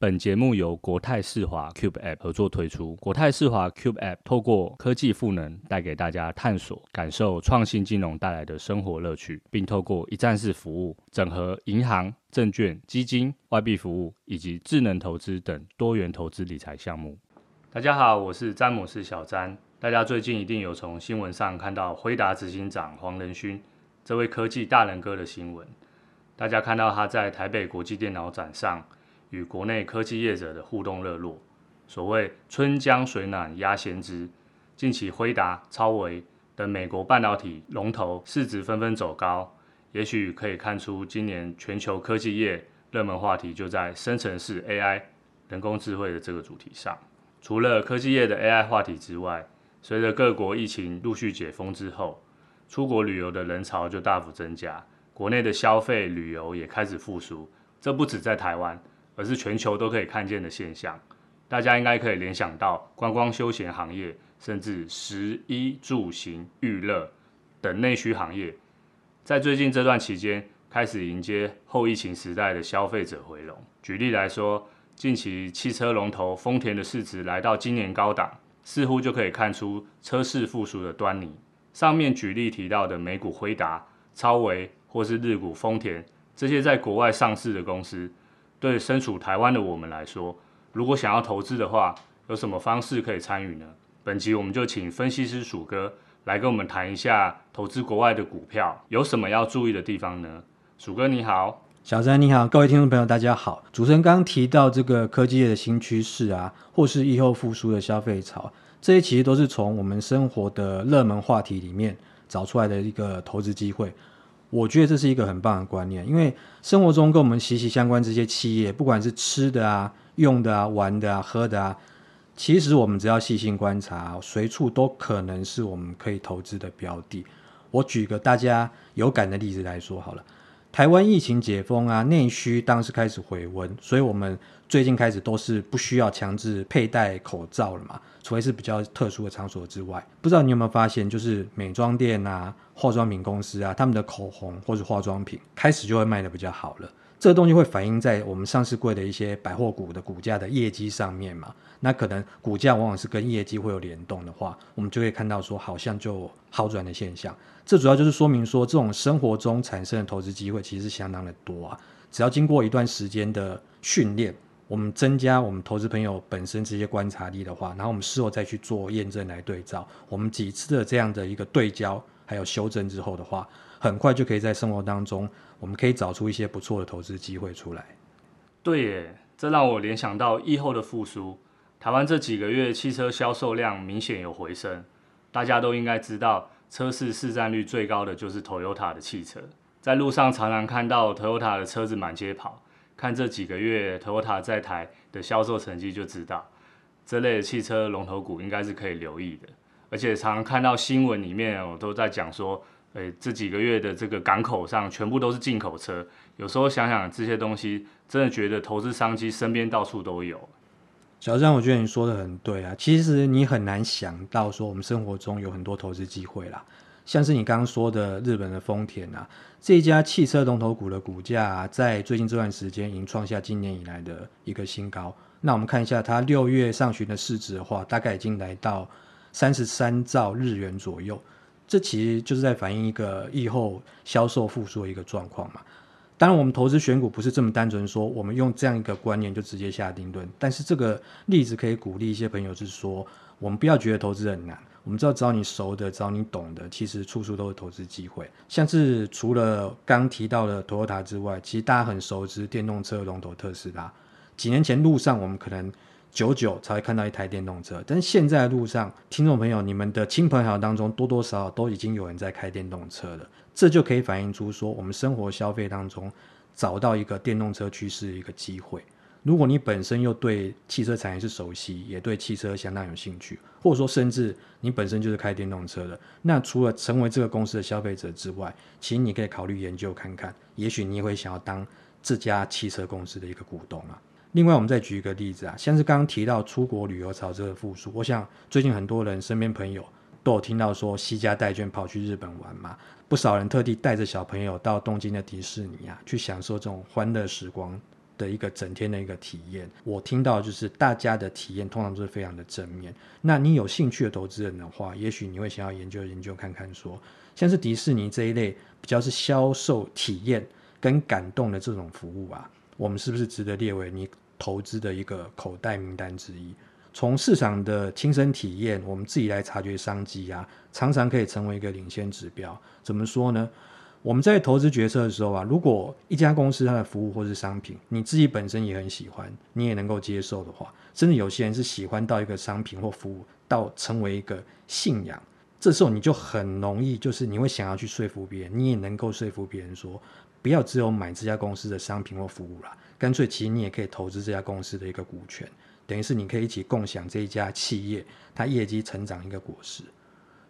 本節目由國泰世華 Cube App 合作推出。國泰世華 Cube App 透過科技賦能，帶給大家探索、感受創新金融帶來的生活樂趣，並透過一站式服務整合銀行、證券、基金、外幣服務以及智能投資等多元投資理財項目。大家好，我是詹姆士小詹。大家最近一定有從新聞上看到輝達執行長黃仁勳這位科技大仁哥的新聞。大家看到他在台北國際電腦展上。與國內科技業者的互動熱絡，所謂“春江水暖鴨先知”，近期輝達、超微等美國半導體龍頭市值紛紛走高，也許可以看出今年全球科技業熱門話題就在生成式 AI、人工智慧的這個主題上。除了科技業的 AI 話題之外，隨着各國疫情陸續解封之後，出國旅遊的人潮就大幅增加，國內的消費旅遊也開始復甦。這不止在台灣。而是全球都可以看見的現象，大家應該可以聯想到觀光休閒行業，甚至食衣住行、娛樂等內需行業，在最近這段期間開始迎接後疫情時代的消費者回籠。舉例來說，近期汽車龍頭豐田的市值來到今年高檔，似乎就可以看出車市復甦的端倪。上面舉例提到的美股輝達、超微或是日股豐田這些在國外上市的公司。對身處台灣的我們來說，如果想要投資的話，有什麼方式可以參與呢？本集我們就請分析師薯哥來跟我們談一下投資國外的股票有什麼要注意的地方呢？薯哥你好，小詹你好，各位聽眾朋友大家好。主持人剛剛提到這個科技業的新趨勢啊，或是疫後復甦的消費潮，這些其實都是從我們生活的熱門話題裡面找出來的一個投資機會。我覺得這是一個很棒的觀念，因為生活中跟我們息息相關這些企業，不管是吃的啊、用的啊、玩的啊、喝的啊，其實我們只要細心觀察，隨處都可能是我們可以投資的標的。我舉個大家有感的例子來說好了，台灣疫情解封啊，內需當時開始回溫，所以我們。最近開始都是不需要強制佩戴口罩了嘛，除非是比較特殊的場所之外，不知道你有沒有發現，就是美妝店、啊、化妝品公司啊，他們的口紅或者化妝品開始就會賣得比較好了。這個東西會反映在我們上市櫃的一些百貨股的股價的業績上面嘛。那可能股價往往是跟業績會有聯動的話，我們就可以看到說好像就好轉的現象。這主要就是說明說，這種生活中產生的投資機會其實相當的多啊。只要經過一段時間的訓練。我們增加我們投資朋友本身這些觀察力的話，然後我們事後再去做驗證來對照，我們幾次的這樣的一個對焦還有修正之後的話，很快就可以在生活當中，我們可以找出一些不錯的投資機會出來。對耶，這讓我聯想到疫後的復甦。台灣這幾個月汽車銷售量明顯有回升，大家都應該知道，車市市占率最高的就是 Toyota 的汽車，在路上常常看到 Toyota 的車子滿街跑。看這幾個月 Toyota 在台的銷售成績就知道，這類的汽車龍頭股應該是可以留意的。而且常常看到新聞裡面，我都在講說，誒、欸，這幾個月的這個港口上全部都是進口車。有時候想想這些東西，真的覺得投資商機身邊到處都有。小詹，我覺得你說的很對啊，其實你很難想到說我們生活中有很多投資機會啦。像是你剛剛說的，日本的豐田啊，這一家汽車龍頭股的股價啊，在最近這段時間，已經創下今年以來的一個新高。那我們看一下它六月上旬的市值的話，大概已經來到三十三兆日元左右。這其實就是在反映一個疫後銷售復甦的一個狀況嘛。當然，我們投資選股不是這麼單純說，我們用這樣一個觀念就直接下定論。但是這個例子可以鼓勵一些朋友，是說我們不要覺得投資很難。我們知道，只要你熟的，只要你懂的，其實處處都有投資機會。像是除了剛提到的 Toyota 之外，其實大家很熟知電動車的龍頭特斯拉。幾年前路上我們可能久久才會看到一台電動車，但現在路上聽眾朋友，你們的親朋好友當中多多少少都已經有人在開電動車了，這就可以反映出說，我們生活消費當中找到一個電動車趨勢的一個機會。如果你本身又對汽車產業是熟悉，也對汽車相當有興趣，或者說甚至你本身就是開電動車的，那除了成為這個公司的消費者之外，其實你可以考慮研究看看，也許你也會想要當這家汽車公司的一個股東啊。另外，我們再舉一個例子啊，像是剛剛提到出國旅遊潮這個復甦，我想最近很多人身邊朋友都有聽到說，攜家帶眷跑去日本玩嘛，不少人特地帶着小朋友到東京的迪士尼啊，去享受這種歡樂時光。的一個整天的一個體驗，我聽到就是大家的體驗通常都是非常的正面。那你有興趣的投資人的話，也許你會想要研究研究看看說，說像是迪士尼這一類比較是銷售體驗跟感動的這種服務啊，我們是不是值得列為你投資的一個口袋名單之一？從市場的親身體驗，我們自己來察覺商機啊，常常可以成為一個領先指標。怎麼說呢？我們在投資決策的時候啊，如果一家公司它的服務或是商品，你自己本身也很喜歡，你也能夠接受的話，甚至有些人是喜歡到一個商品或服務到成為一個信仰，這時候你就很容易，就是你會想要去說服別人，你也能夠說服別人說，不要只有買這家公司的商品或服務啦，乾脆其實你也可以投資這家公司的一個股權，等於是你可以一起共享這一家企業它業績成長一個果實。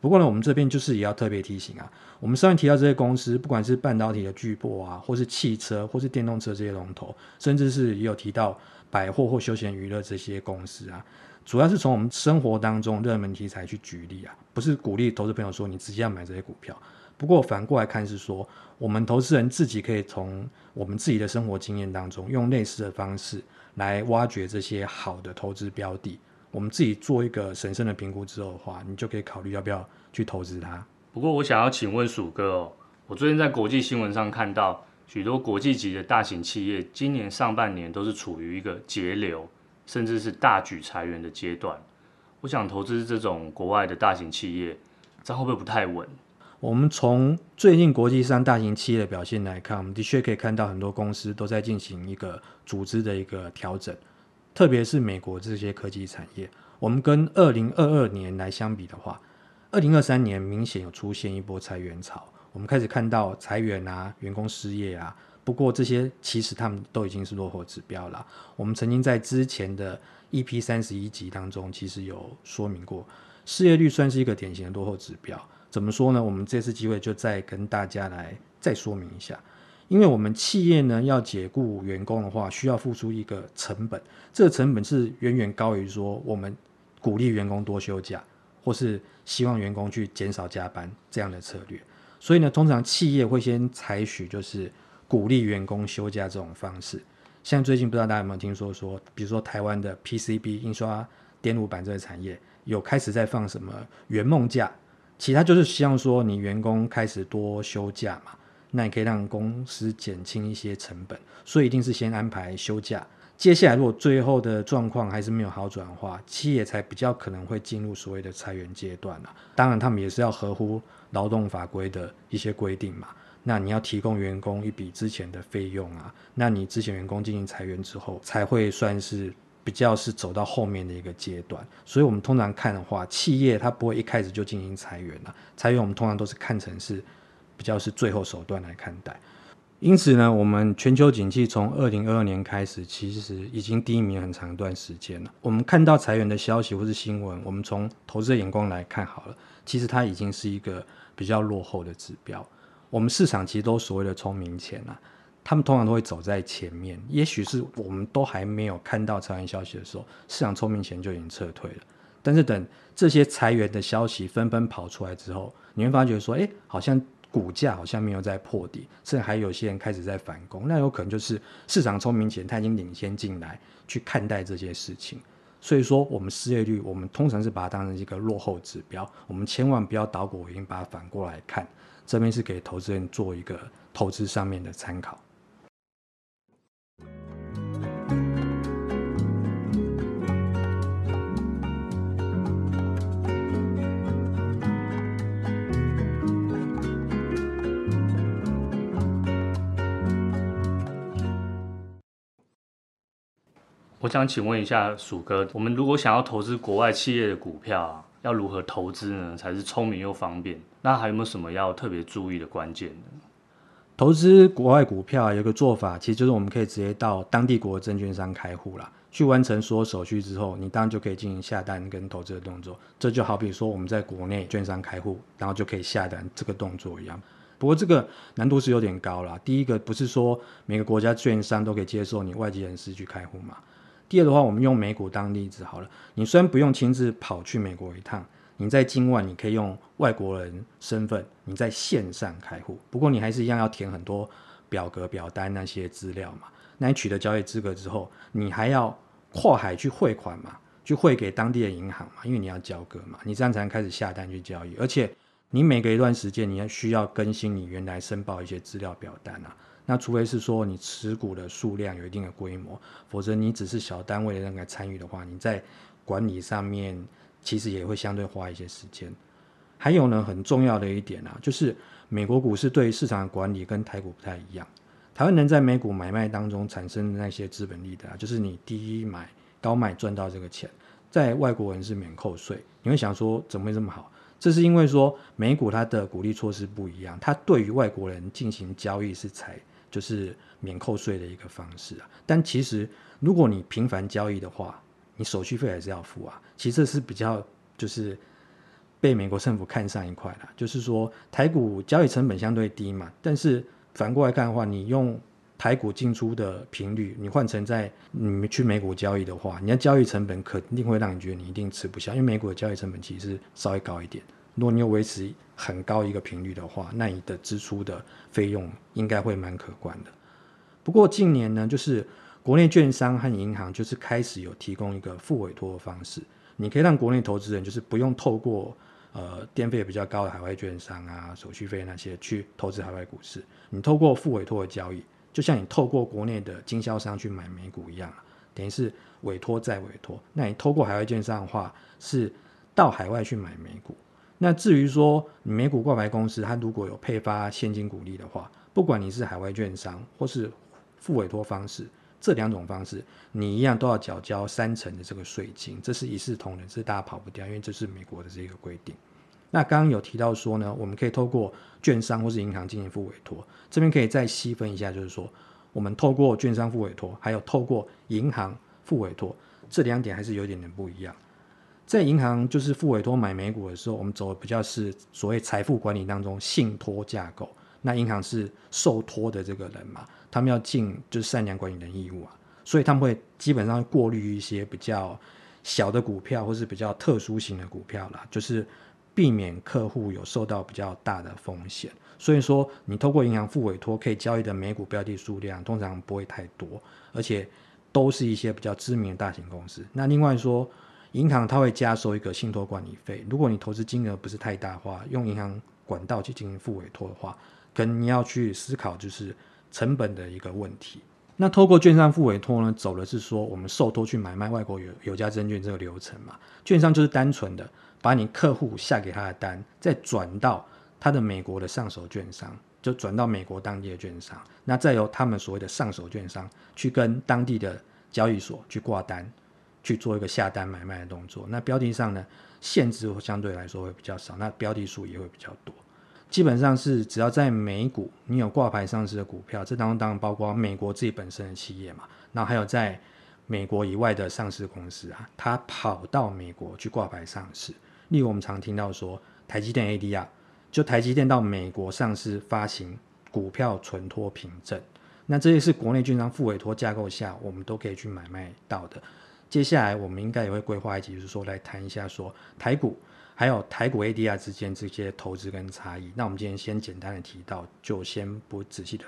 不過呢，我們這邊就是也要特別提醒啊。我們上面提到這些公司，不管是半導體的巨擘啊，或是汽車、或是電動車這些龍頭，甚至是也有提到百貨或休閒娛樂這些公司啊，主要是從我們生活當中熱門題材去舉例啊，不是鼓勵投資朋友說你直接要買這些股票。不過反過來看是說，我們投資人自己可以從我們自己的生活經驗當中，用類似的方式來挖掘這些好的投資標的。我們自己做一個審慎的評估之後的話，你就可以考慮要不要去投資它。不過，我想要請問薯哥哦，我最近在國際新聞上看到許多國際級的大型企業，今年上半年都是處於一個節流，甚至是大舉裁員的階段。我想投資這種國外的大型企業，這樣會不會不太穩？我們從最近國際上大型企業的表現來看，我們的確可以看到很多公司都在進行一個組織的一個調整。特別是美國這些科技產業，我們跟二零二二年來相比的話，二零二三年明顯有出現一波裁員潮，我們開始看到裁員啊，員工失業啊。不過這些其實他們都已經是落後指標了。我們曾經在之前的 EP 三十一集當中，其實有說明過，失業率算是一個典型的落後指標。怎麼說呢？我們這次機會就再跟大家來再說明一下。因為我們企業呢，要解雇員工的話，需要付出一個成本，這個成本是遠遠高於說我們鼓勵員工多休假，或是希望員工去減少加班這樣的策略。所以呢，通常企業會先採取就是鼓勵員工休假這種方式。像最近不知道大家有沒有聽說說，比如說臺灣的 PCB 印刷電路板這個產業有開始在放什麼圓夢假，其他就是希望說你員工開始多休假嘛。那你可以讓公司減輕一些成本，所以一定是先安排休假。接下來，如果最後的狀況還是沒有好轉的話，企業才比較可能會進入所謂的裁員階段了啊。當然，他們也是要合乎勞動法規的一些規定嘛。那你要提供員工一筆之前的費用啊，那你之前員工進行裁員之後，才會算是比較是走到後面的一個階段。所以我們通常看的話，企業它不會一開始就進行裁員了啊。裁員我們通常都是看成是。比較是最後手段來看待，因此呢，我們全球景氣從二零二二年開始，其實已經低迷很長一段時間了。我們看到裁員的消息或是新聞，我們從投資的眼光來看好了，其實它已經是一個比較落後的指標。我們市場其實都所謂的聰明錢啊，他們通常都會走在前面。也許是我們都還沒有看到裁員消息的時候，市場聰明錢就已經撤退了。但是等這些裁員的消息紛紛跑出來之後，你會發覺說，欸，好像。股價好像沒有在破底，甚至還有些人開始在反攻，那有可能就是市場聰明錢，他已經領先進來去看待這些事情。所以說，我們失業率我們通常是把它當成一個落後指標，我們千萬不要倒果為因，我已經把它反過來看。這邊是給投資人做一個投資上面的參考。我想請問一下鼠哥，我們如果想要投資國外企業的股票、啊，要如何投資呢？才是聰明又方便？那還有沒有什麼要特別注意的關鍵呢？投資國外股票、啊、有個做法，其實就是我們可以直接到當地國的證券商開戶啦，去完成所有手續之後，你當然就可以進行下單跟投資的動作。這就好比說我們在國內券商開戶，然後就可以下單這個動作一樣。不過這個難度是有點高了。第一個，不是說每個國家券商都可以接受你外籍人士去開戶嘛？第二的話，我們用美股當例子好了。你雖然不用親自跑去美國一趟，你在境外你可以用外國人身份，你在線上開戶。不過你還是一樣要填很多表格表單那些資料嘛。那你取得交易資格之後，你還要跨海去匯款嘛，去匯給當地的銀行嘛，因為你要交割嘛，你這樣才能開始下單去交易。而且你每隔一段時間，你要需要更新你原來申報一些資料表單啊。那除非是說你持股的數量有一定的規模，否則你只是小單位的人來參與的話，你在管理上面其實也會相對花一些時間。還有呢，很重要的一點啊，就是美國股市對於市場的管理跟台股不太一樣。台灣人在美股買賣當中產生的那些資本利得啊，就是你低買高賣賺到這個錢，在外國人是免扣稅。你會想說怎麼會這麼好？這是因為說美股它的鼓勵措施不一樣，它對於外國人進行交易是財。就是免扣稅的一個方式啊，但其實如果你頻繁交易的話，你手續費還是要付啊。其實是比較就是被美國政府看上一塊啦，就是說台股交易成本相對低嘛，但是反過來看的話，你用台股進出的頻率，你換成在你去美股交易的話，你的交易成本肯定會讓你覺得你一定吃不下，因為美股的交易成本其實是稍微高一點。如果你要維持很高一個頻率的話，那你的支出的費用應該會蠻可觀的。不過近年呢，就是國內券商和銀行就是開始有提供一個複委託的方式，你可以讓國內投資人就是不用透過呃電費比較高的海外券商啊、手續費那些去投資海外股市。你透過複委託的交易，就像你透過國內的經銷商去買美股一樣，等於是委託再委託。那你透過海外券商的話，是到海外去買美股。那至於說美股掛牌公司，它如果有配發現金股利的話，不管你是海外券商或是複委託方式，這兩種方式你一樣都要繳交三成的這個稅金，這是一視同仁，這是大家跑不掉，因為這是美國的這個規定。那剛剛有提到說呢，我們可以透過券商或是銀行進行複委託，這邊可以再細分一下，就是說我們透過券商複委託，還有透過銀行複委託，這兩點還是有一點點不一樣。在銀行就是複委託買美股的時候，我們走的比較是所謂財富管理當中信托架構。那銀行是受托的這個人嘛，他們要盡就是善良管理的義務啊，所以他們會基本上過濾一些比較小的股票或是比較特殊型的股票啦，就是避免客戶有受到比較大的風險。所以說，你透過銀行複委託可以交易的美股標的數量通常不會太多，而且都是一些比較知名的大型公司。那另外說。銀行它會加收一個信托管理費。如果你投資金額不是太大的話，用銀行管道去進行複委託的話，可能你要去思考就是成本的一個問題。那透過券商複委託呢，走的是說我們受托去買賣外國有有價證券這個流程嘛。券商就是單純的把你客戶下給他的單，再轉到他的美國的上手券商，就轉到美國當地的券商，那再由他們所謂的上手券商去跟當地的交易所去掛單。去做一個下單買賣的動作，那標的上呢，限制相對來說會比較少，那標的數也會比較多。基本上是只要在美股，你有掛牌上市的股票，這當中當然包括美國自己本身的企業嘛，然後還有在美國以外的上市公司啊，它跑到美國去掛牌上市。例如我們常聽到說台積電 ADR，就台積電到美國上市發行股票存托憑證，那這些是國內券商複委託架，架構下，我們都可以去買賣到的。接下來我們應該也會規劃一集，就是說來談一下說台股，還有台股 ADR 之間這些投資跟差異。那我們今天先簡單的提到，就先不仔細的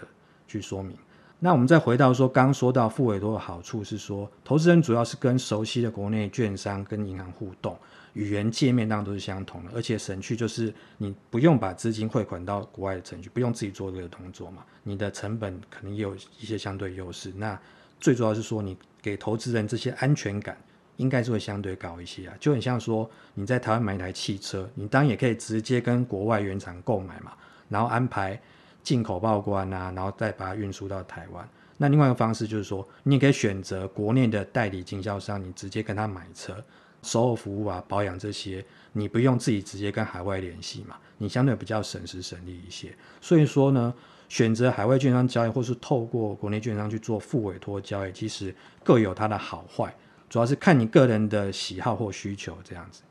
去說明。那我們再回到說，剛說到複委託的好處是說，投資人主要是跟熟悉的國內券商跟銀行互動，語言界面當然都是相同的，而且省去就是你不用把資金匯款到國外的程序，不用自己做這個動作嘛，你的成本可能也有一些相對優勢。那最主要是說，你給投資人這些安全感，應該是會相對高一些啊。就很像說，你在台灣買一台汽車，你當然也可以直接跟國外原廠購買嘛，然後安排進口報關啊，然後再把它運輸到台灣。那另外一個方式就是說，你也可以選擇國內的代理經銷商，你直接跟他買車，售後服務啊、保養這些，你不用自己直接跟海外聯繫嘛，你相對比較省時省力一些。所以說呢。選擇海外券商交易，或是透過國內券商去做複委託交易，其實各有它的好壞，主要是看你個人的喜好或需求這樣子。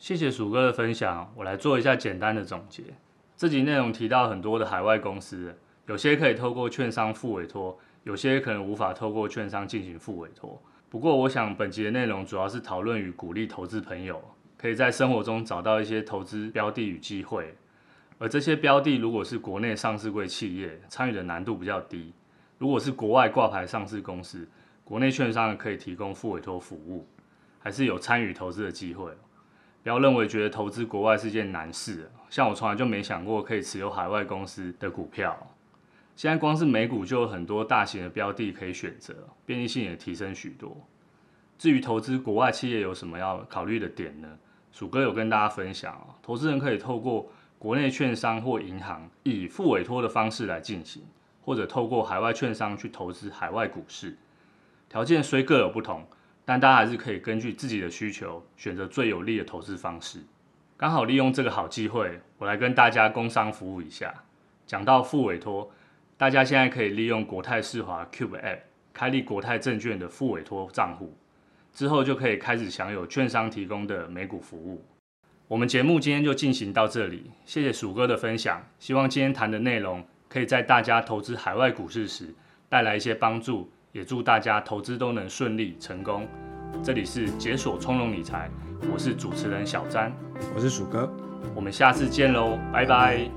謝謝薯哥的分享，我來做一下簡單的總結。這集內容提到很多的海外公司，有些可以透過券商複委託，有些可能無法透過券商進行複委託。不過，我想本集的內容主要是討論與鼓勵投資朋友可以在生活中找到一些投資標的與機會。而這些標的，如果是國內上市櫃企業，參與的難度比較低；如果是國外掛牌上市公司，國內券商可以提供複委託服務，還是有參與投資的機會。不要認為覺得投資國外是件難事，像我從來就沒想過可以持有海外公司的股票。現在光是美股就有很多大型的標的可以選擇，便利性也提升許多。至於投資國外企業有什麼要考慮的點呢？薯哥有跟大家分享投資人可以透過。國內券商或銀行以複委託的方式來進行，或者透過海外券商去投資海外股市，條件雖各有不同，但大家還是可以根據自己的需求選擇最有利的投資方式。剛好利用這個好機會，我來跟大家工商服務一下。講到複委託，大家現在可以利用國泰世華 Cube App 開立國泰證券的複委託賬戶，之後就可以開始享有券商提供的美股服務。我們節目今天就進行到這裡，謝謝薯哥的分享。希望今天談的內容可以在大家投資海外股市時帶來一些幫助，也祝大家投資都能順利成功。這裡是解鎖從容理財，我是主持人小詹，我是薯哥，我們下次見嘍，拜拜。